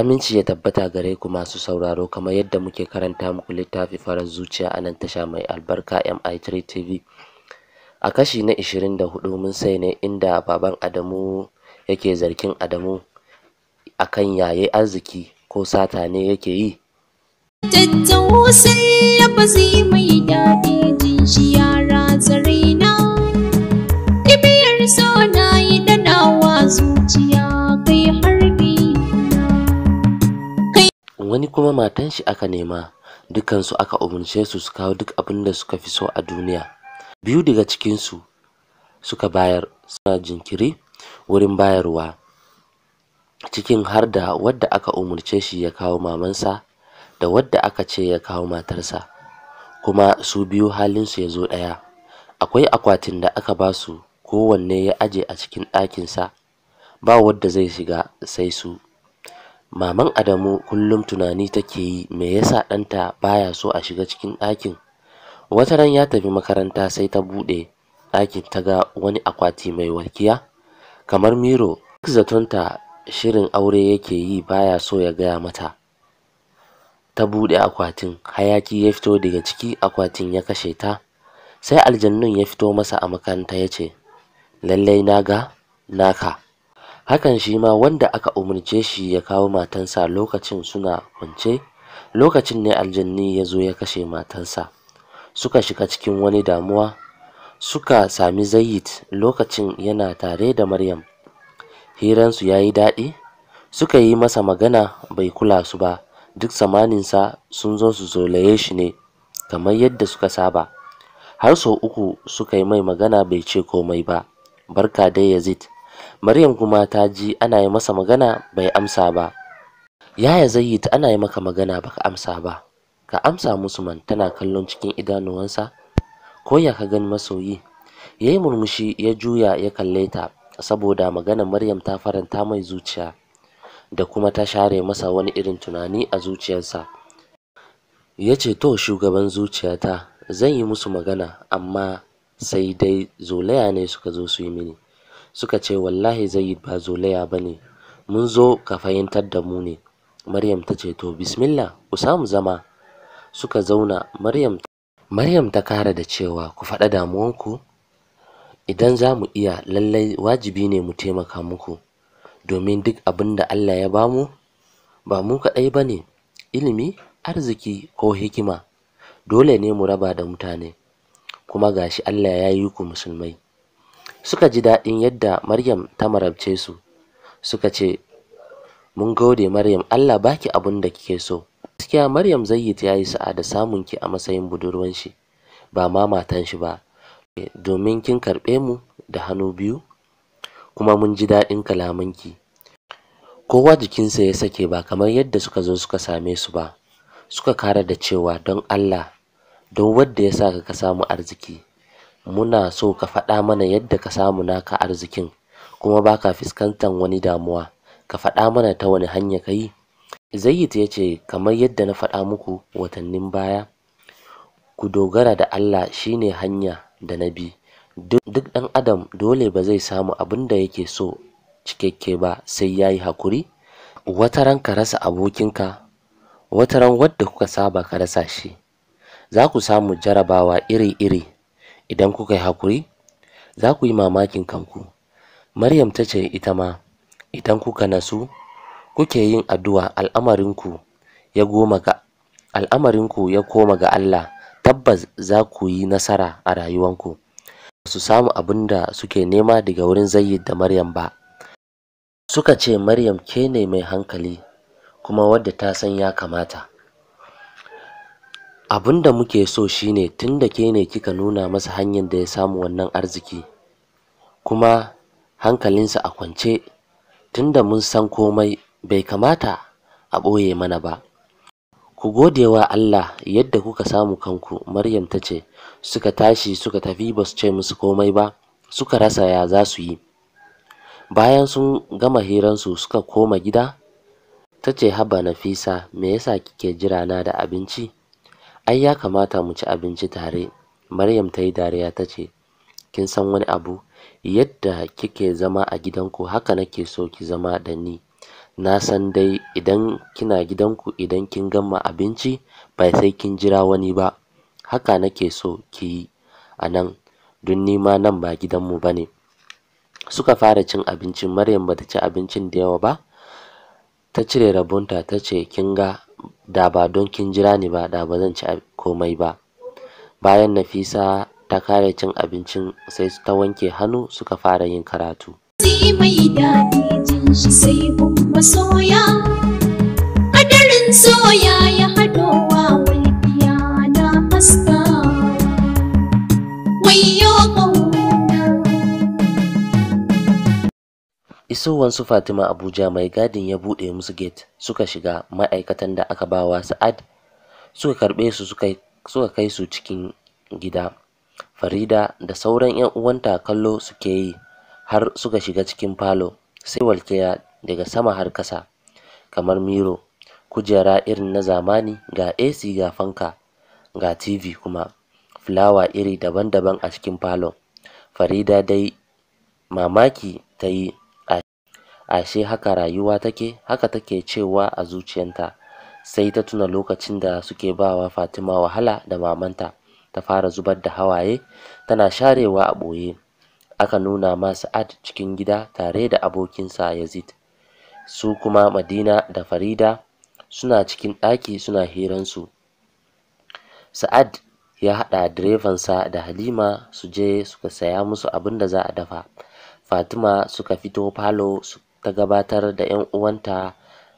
Aminci ya tabbata gare ku masu sauraro kamar yadda muke karanta muku littafi farar zuciya a nan tasha mai albarka MI3 TV. A kashi na 24 mun sai ne inda baban Adamu yake zargin Adamu akan yaye arziki ko sata ne yake yi. wani kuma matan shi aka nema dukansu aka umarce su su kawo duk abin da suka fi so a duniya biyu daga cikinsu suka bayar suna jinkiri wurin bayarwa cikin har da wadda aka umarce shi ya kawo mamansa da wadda aka ce ya kawo matarsa kuma su biyu halinsu ya zo ɗaya akwai akwatin da aka ba su kowanne ya aje a cikin ɗakinsa ba wadda zai shiga sai su Maman Adamu kullum tunani take yi me yasa ɗanta baya so a shiga cikin ɗakin. Wata ran ya tafi makaranta sai ta buɗe ɗakin ta ga wani akwati mai walkiya kamar miro. Duk zatonta shirin aure yake yi baya so ya gaya mata. Ta buɗe akwatin hayaki ya fito daga ciki akwatin ya kashe ta. Sai aljannun ya fito masa a makaranta ya ce, Lallai na ga naka. Hakan shi ma wanda aka umarce shi ya kawo matansa lokacin suna kwance, lokacin ne aljanni ya zo ya kashe matansa. Suka shiga cikin wani damuwa, suka sami Zayyid lokacin yana tare da Maryam. Hiransu ya yi daɗi, suka yi masa magana bai kula su ba, duk samaninsa sun zo su zolaye shi ne, kamar yadda suka saba. Har sau uku suka yi mai magana bai ce komai ba, barka dai Yazid. Maryam kuma ta ji ana yi masa magana bai amsa ba. Yaya Zayyid ana yi maka magana ba ka amsa ba. Ka amsa musu man tana kallon cikin idanuwansa. Ko ya ka gani masoyi? Yayi murmushi ya juya ya kalle ta saboda maganar Maryam ta faranta mai zuciya da kuma ta share masa wani irin tunani a zuciyarsa. Ya ce to shugaban zuciyata zan yi musu magana amma sai dai zolaya ne suka zo su yi mini. suka ce wallahi yi ba zolaya ba ne, mun zo ka fahimtar da mu ne. Maryam ta ce to bismillah ku samu zama. Suka zauna Maryam Maryam ta kara da cewa ku faɗa damuwanku idan za mu iya lallai wajibi ne mu taimaka muku domin duk abin da Allah ya ba mu. ba mu kaɗai ba ne ilimi arziki ko hikima dole ne mu raba da mutane kuma gashi Allah ya yi ku musulmai suka ji daɗin yadda Maryam ta marabce su suka ce mun gode Maryam Allah baki abin da kike so gaskiya Maryam zai ta yayi sa'a da samun ki a matsayin budurwan shi ba ma matan shi ba domin kin karɓe mu da hannu biyu kuma mun ji daɗin kalaman ki kowa jikinsa ya sake ba kamar yadda suka zo suka same su ba suka kara da cewa don Allah don wadda ya sa ka samu arziki muna so ka faɗa mana yadda ka samu naka arzikin kuma ba ka fuskantar wani damuwa ka faɗa mana ta wani hanya ka yi zayyit ya ce kamar yadda na faɗa muku watannin baya ku dogara da allah shine hanya da na bi duk ɗan adam dole ba zai samu abin da yake so cikakke ba sai ya yi hakuri wataran ka rasa abokinka Wata ran wadda kuka saba ka rasa shi za ku samu jarabawa iri-iri idan kuka yi hakuri, za ku yi mamakin kanku maryam ta ce ita ma idan kuka nasu kuke yin addu'a al'amarinku ya goma ga al'amarinku ya koma ga Allah tabbas za ku yi nasara a rayuwanku su samu abin da suke nema daga wurin zayyid da maryam ba suka ce maryam ke ne mai hankali kuma wadda ta san ya kamata abin da muke so shine tun da ke ne kika nuna masa hanyar da ya samu wannan arziki kuma hankalinsa a kwance tun da mun san komai bai kamata a ɓoye mana ba ku gode wa Allah yadda kuka samu kanku Maryam ta ce suka tashi suka tafi ba su ce musu komai ba suka rasa ya za su yi bayan sun gama hiransu suka koma gida ta ce haba nafisa me yasa kike jira na da abinci Ai ya kamata mu ci abinci tare. Maryam ta yi dariya ta ce, Kin san wani abu? Yadda kike zama a gidanku haka nake so ki zama da ni. Na san dai idan kina gidanku idan kin gama abinci ba sai kin jira wani ba. Haka nake so ki yi a nan, don nima nan ba gidanmu ba ne. Suka fara cin abincin Maryam ba ta ci abincin da yawa ba. Ta cire rabonta ta ce, Kin ga da ba don kin jira ni ba da ba zan ci komai ba. Bayan Nafisa ta kare cin abincin sai ta wanke hannu suka fara yin karatu. Sai mai daɗi jin shi sai masoya. isowan su Fatima Abuja mai gadin ya buɗe musu gate suka shiga ma'aikatan da aka bawa Sa'ad suka karɓe su suka kai su cikin gida. Farida da sauran 'yan uwanta kallo suke yi har suka shiga cikin falo sai walƙiya daga sama har kasa kamar miro kujera irin na zamani ga AC ga fanka ga TV kuma fulawa iri daban-daban a cikin falon. Farida dai mamaki ta yi ashe haka rayuwa take haka take cewa a zuciyanta sai ta tuna lokacin da suke bawa Fatima wahala da mamanta ta fara zubar da hawaye tana sharewa a ɓoye aka nuna ma Sa'ad cikin gida tare da abokinsa Yazid su kuma Madina da Farida suna cikin ɗaki suna hiransu Sa'ad ya haɗa direbansa da Halima su je suka saya musu abin da za a dafa Fatima suka fito falo su ta gabatar da 'yan uwanta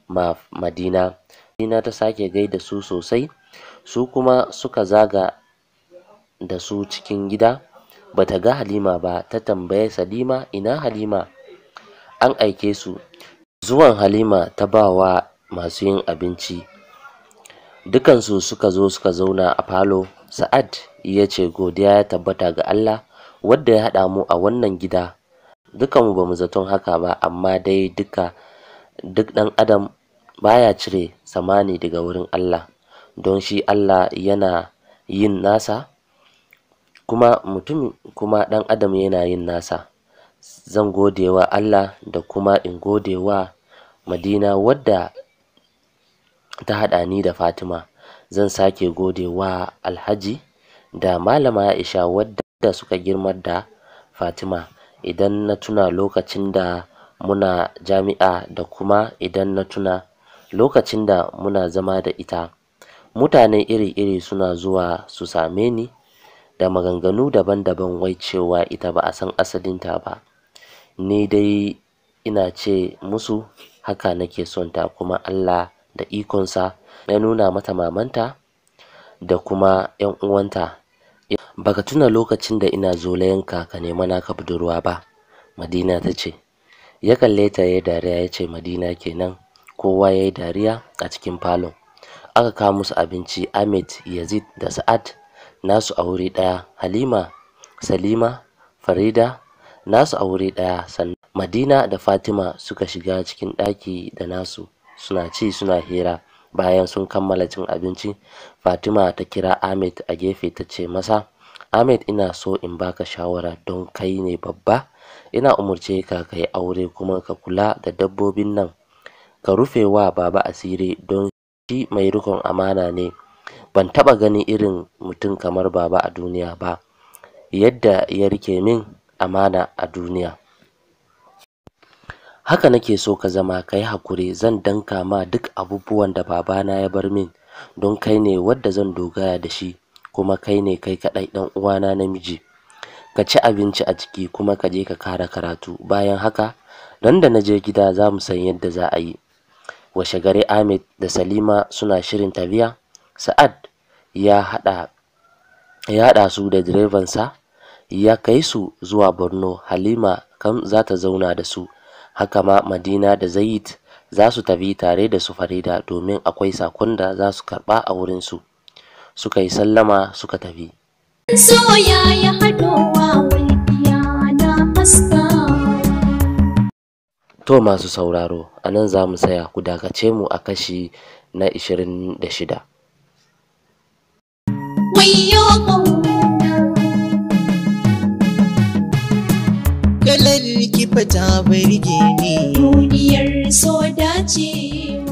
ma Madina. Madina ta sake gaida su sosai, su kuma suka zaga da su cikin gida. Bata ga Halima ba, ta tambaye Salima ina Halima? An aike su. Zuwan Halima ta ba wa masu yin abinci. Dukansu suka zo suka zauna a falo. Sa'ad ya ce godiya ya tabbata ga Allah wadda ya haɗa mu a wannan gida dukanmu ba mu zaton haka ba amma dai duka duk ɗan adam baya cire samani daga wurin Allah don shi Allah yana yin nasa kuma mutum kuma ɗan adam yana yin nasa zan gode wa Allah da kuma in gode wa Madina wadda ta haɗa ni da Fatima zan sake gode wa Alhaji da Malama Aisha wadda suka girmar da Fatima idan na tuna lokacin da muna jami'a da kuma idan na tuna lokacin da muna zama da ita. Mutane iri-iri suna zuwa su same ni da maganganu daban-daban wai cewa ita ba a san asalinta ba. Ni dai ina ce musu haka nake son ta kuma Allah da ikonsa ya nuna mata mamanta da kuma 'yan uwanta Baka tuna lokacin da ina zolayenka ka nema naka budurwa ba, Madina ta ce. Ya kalle ta ya dariya ya ce Madina kenan. Kowa ya yi dariya a cikin falon. Aka ka musu abinci Ahmed, Yazid da Sa'ad nasu a wuri ɗaya, Halima, Salima, Farida nasu a wuri ɗaya sannan Madina da Fatima suka shiga cikin ɗaki da nasu suna ci suna hira. bayan sun kammala cin abinci fatima ta kira ahmed a gefe ta ce masa ahmed ina so in baka shawara don kai ne babba ina umarce ka kai aure kuma ka kula da dabbobin nan ka rufe wa baba asiri don shi mai rikon amana ne ban taɓa gani irin mutum kamar baba a duniya ba yadda ya rike min amana a duniya haka nake so ka zama ka hakuri zan danka ma duk abubuwan da babana ya bar min don kai ne wadda zan dogara da shi kuma kai ne kai kaɗai ɗan uwana namiji ka ci abinci a ciki kuma ka je ka kara karatu bayan haka don da na je gida za mu san yadda za a yi washe gari ahmed da salima suna shirin tafiya sa'ad ya haɗa ya haɗa su da direbansa ya kai su zuwa borno halima kam za ta zauna da su Haka ma Madina da Zayit za su tafi tare da su Farida domin akwai sakon da za su karɓa a wurinsu. Suka yi sallama suka tafi. ya To masu sauraro, a nan za mu tsaya ku dakace mu a kashi na 26. Wayo fata birge ni duniyar so dace